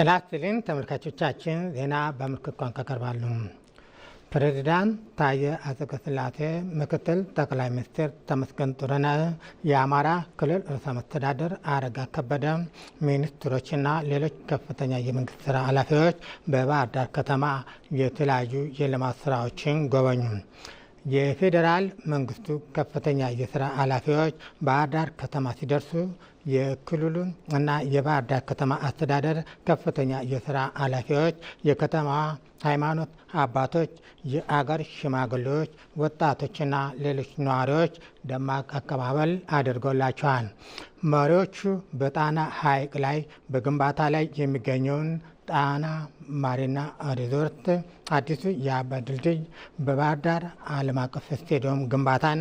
ጤና ይስጥልኝ ተመልካቾቻችን፣ ዜና በምልክት ቋንቋ ቀርባለሁ። ፕሬዚዳንት ታየ አጽቀሥላሴ፣ ምክትል ጠቅላይ ሚኒስትር ተመስገን ጥሩነህ፣ የአማራ ክልል ርዕሰ መስተዳደር አረጋ ከበደ፣ ሚኒስትሮችና ሌሎች ከፍተኛ የመንግስት ስራ ኃላፊዎች በባህር ዳር ከተማ የተለያዩ የልማት ስራዎችን ጎበኙ። የፌዴራል መንግስቱ ከፍተኛ የስራ ኃላፊዎች ባህር ዳር ከተማ ሲደርሱ የክልሉን እና የባህር ዳር ከተማ አስተዳደር ከፍተኛ የስራ ኃላፊዎች፣ የከተማዋ ሃይማኖት አባቶች፣ የአገር ሽማግሌዎች፣ ወጣቶችና ሌሎች ነዋሪዎች ደማቅ አቀባበል አድርጎላቸዋል። መሪዎቹ በጣና ሐይቅ ላይ በግንባታ ላይ የሚገኘውን ጣና ማሪና ሪዞርት፣ አዲሱ የአባ ድልድይ፣ በባህር ዳር ዓለም አቀፍ ስቴዲየም ግንባታን፣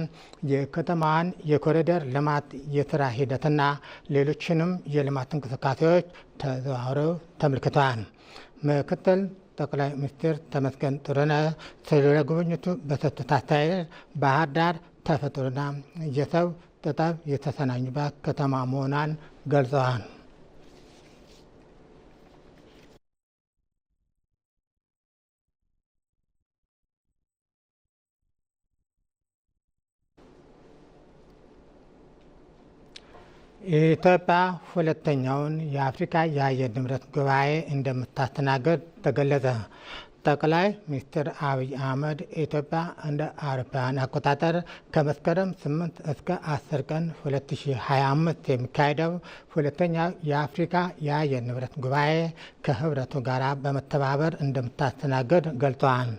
የከተማዋን የኮሪደር ልማት የስራ ሂደትና ሌሎችንም የልማት እንቅስቃሴዎች ተዘዋውረው ተመልክተዋል። ምክትል ጠቅላይ ሚኒስትር ተመስገን ጥሩነህ ስለ ጉብኝቱ በሰጡት አስተያየት ባህር ዳር ተፈጥሮና የሰው ጥበብ የተሰናኙባት ከተማ መሆኗን ገልጸዋል። የኢትዮጵያ ሁለተኛውን የአፍሪካ የአየር ንብረት ጉባኤ እንደምታስተናገድ ተገለጸ። ጠቅላይ ሚኒስትር አብይ አህመድ ኢትዮጵያ እንደ አውሮፓውያን አቆጣጠር ከመስከረም 8 እስከ 10 ቀን 2025 የሚካሄደው ሁለተኛው የአፍሪካ የአየር ንብረት ጉባኤ ከህብረቱ ጋር በመተባበር እንደምታስተናገድ ገልጸዋል።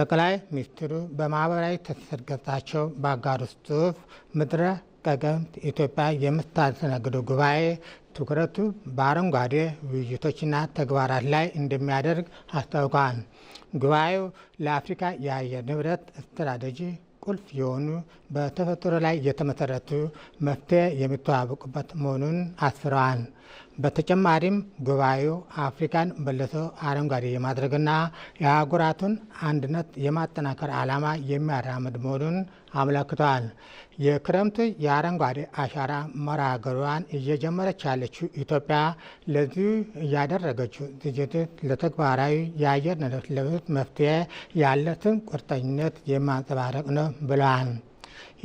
ጠቅላይ ሚኒስትሩ በማህበራዊ ትስስር ገጻቸው ባጋሩት ጽሑፍ ምድረ ቀደምት ኢትዮጵያ የምታስተናግደው ጉባኤ ትኩረቱ በአረንጓዴ ውይይቶችና ተግባራት ላይ እንደሚያደርግ አስታውቀዋል። ጉባኤው ለአፍሪካ የአየር ንብረት ስትራቴጂ ቁልፍ የሆኑ በተፈጥሮ ላይ የተመሰረቱ መፍትሄ የሚተዋወቁበት መሆኑን አስፍረዋል። በተጨማሪም ጉባኤው አፍሪካን በለቶ አረንጓዴ የማድረግና የአህጉራቱን አንድነት የማጠናከር ዓላማ የሚያራምድ መሆኑን አመለክቷል። የክረምቱ የአረንጓዴ አሻራ መርሃ ግብሯን እየጀመረች ያለችው ኢትዮጵያ ለዚሁ እያደረገችው ዝግጅት ለተግባራዊ የአየር ንብረት ለውጥ መፍትሄ ያለትን ቁርጠኝነት የማንጸባረቅ ነው ብለዋል።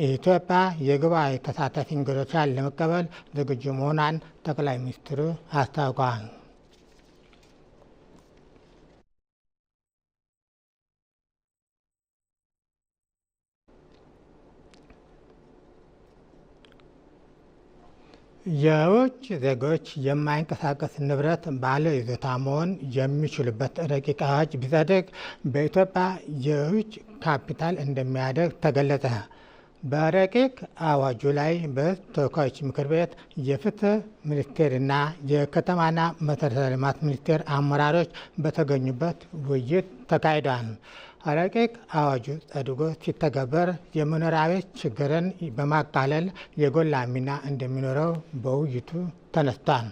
የኢትዮጵያ የጉባኤ ተሳታፊ እንግዶቿን ለመቀበል ዝግጁ መሆኗን ጠቅላይ ሚኒስትሩ አስታውቀዋል። የውጭ ዜጎች የማይንቀሳቀስ ንብረት ባለ ይዞታ መሆን የሚችሉበት ረቂቅ አዋጅ ቢጸድቅ በኢትዮጵያ የውጭ ካፒታል እንደሚያደግ ተገለጸ። በረቂቅ አዋጁ ላይ በተወካዮች ምክር ቤት የፍትህ ሚኒስቴርና የከተማና መሰረተ ልማት ሚኒስቴር አመራሮች በተገኙበት ውይይት ተካሂዷል። ረቂቅ አዋጁ ጸድጎ ሲተገበር የመኖሪያ ቤት ችግርን በማቃለል የጎላ ሚና እንደሚኖረው በውይይቱ ተነስቷል።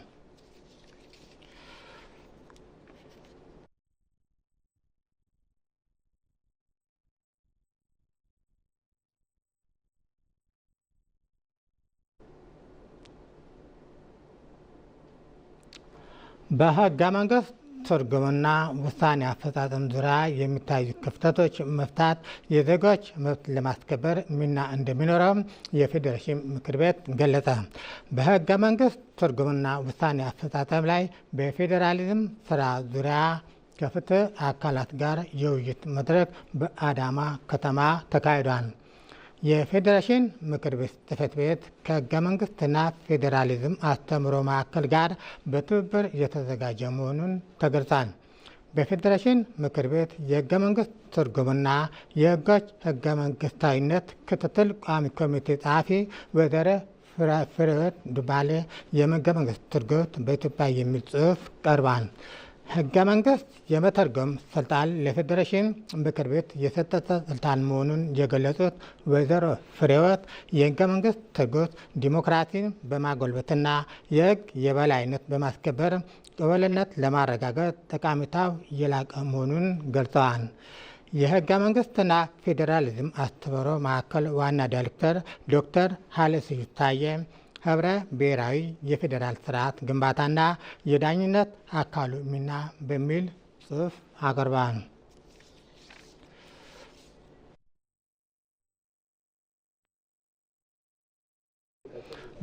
በህገ መንግስት ትርጉምና ውሳኔ አፈጻጸም ዙሪያ የሚታዩ ክፍተቶች መፍታት የዜጎች መብት ለማስከበር ሚና እንደሚኖረው የፌዴሬሽን ምክር ቤት ገለጸ። በህገ መንግስት ትርጉምና ውሳኔ አፈጻጸም ላይ በፌዴራሊዝም ስራ ዙሪያ ከፍትህ አካላት ጋር የውይይት መድረክ በአዳማ ከተማ ተካሂዷል። የፌዴሬሽን ምክር ቤት ጽፈት ቤት ከህገ መንግስትና ፌዴራሊዝም አስተምሮ ማዕከል ጋር በትብብር እየተዘጋጀ መሆኑን ተገልጿል። በፌዴሬሽን ምክር ቤት የህገ መንግስት ትርጉምና የህጎች ህገ መንግስታዊነት ክትትል ቋሚ ኮሚቴ ጸሐፊ ወይዘሮ ፍሬሕይወት ዱባሌ የህገ መንግስት ትርጉም በኢትዮጵያ የሚል ጽሑፍ ቀርቧል። ህገ መንግስት የመተርጎም ስልጣን ለፌዴሬሽን ምክር ቤት የሰጠተ ስልጣን መሆኑን የገለጹት ወይዘሮ ፍሬወት የህገ መንግስት ትርጉት ዲሞክራሲን በማጎልበትና የህግ የበላይነት በማስከበር ቅብልነት ለማረጋገጥ ጠቃሚታው የላቀ መሆኑን ገልጸዋል። የህገ መንግስትና ፌዴራሊዝም አስተባብሮ ማዕከል ዋና ዳይሬክተር ዶክተር ሀይለስዩ ታዬ ህብረ ብሔራዊ የፌዴራል ስርዓት ግንባታና የዳኝነት አካሉ ሚና በሚል ጽሑፍ አቅርበዋል።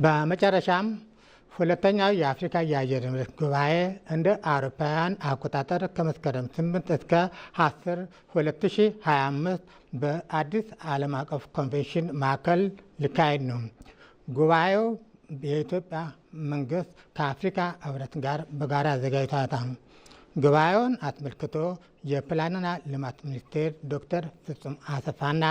በመጨረሻም ሁለተኛው የአፍሪካ የአየር ንብረት ጉባኤ እንደ አውሮፓውያን አቆጣጠር ከመስከረም 8 እስከ 10 2025 በአዲስ ዓለም አቀፍ ኮንቬንሽን ማዕከል ሊካሄድ ነው። ጉባኤው የኢትዮጵያ መንግስት ከአፍሪካ ህብረት ጋር በጋራ አዘጋጅቷታል። ጉባኤውን አስመልክቶ የፕላንና ልማት ሚኒስቴር ዶክተር ፍጹም አሰፋና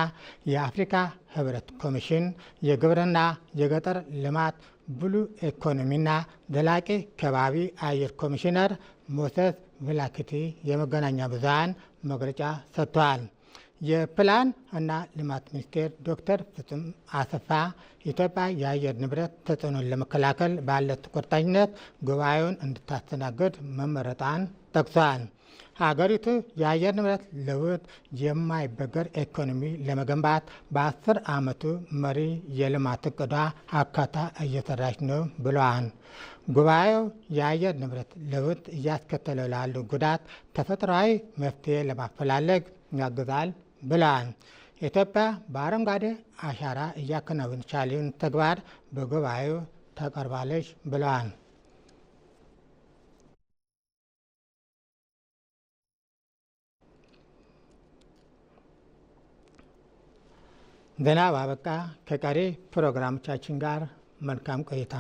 የአፍሪካ ህብረት ኮሚሽን የግብርና፣ የገጠር ልማት፣ ብሉ ኢኮኖሚና ዘላቂ ከባቢ አየር ኮሚሽነር ሞሰስ ቪላክቲ የመገናኛ ብዙሃን መግለጫ ሰጥተዋል። የፕላን እና ልማት ሚኒስቴር ዶክተር ፍጹም አሰፋ ኢትዮጵያ የአየር ንብረት ተጽዕኖን ለመከላከል ባለት ቁርጠኝነት ጉባኤውን እንድታስተናግድ መመረጣን ጠቅሷል። ሀገሪቱ የአየር ንብረት ለውጥ የማይበገር ኢኮኖሚ ለመገንባት በአስር ዓመቱ መሪ የልማት እቅዷ አካታ እየሰራች ነው ብለዋል። ጉባኤው የአየር ንብረት ለውጥ እያስከተለው ላሉ ጉዳት ተፈጥሯዊ መፍትሄ ለማፈላለግ ያግዛል ብለዋል። ኢትዮጵያ በአረንጓዴ አሻራ እያከናወነች ያለውን ተግባር በጉባኤው ተቀርባለች ብለዋል። ዜና ባበቃ። ከቀሪ ፕሮግራሞቻችን ጋር መልካም ቆይታ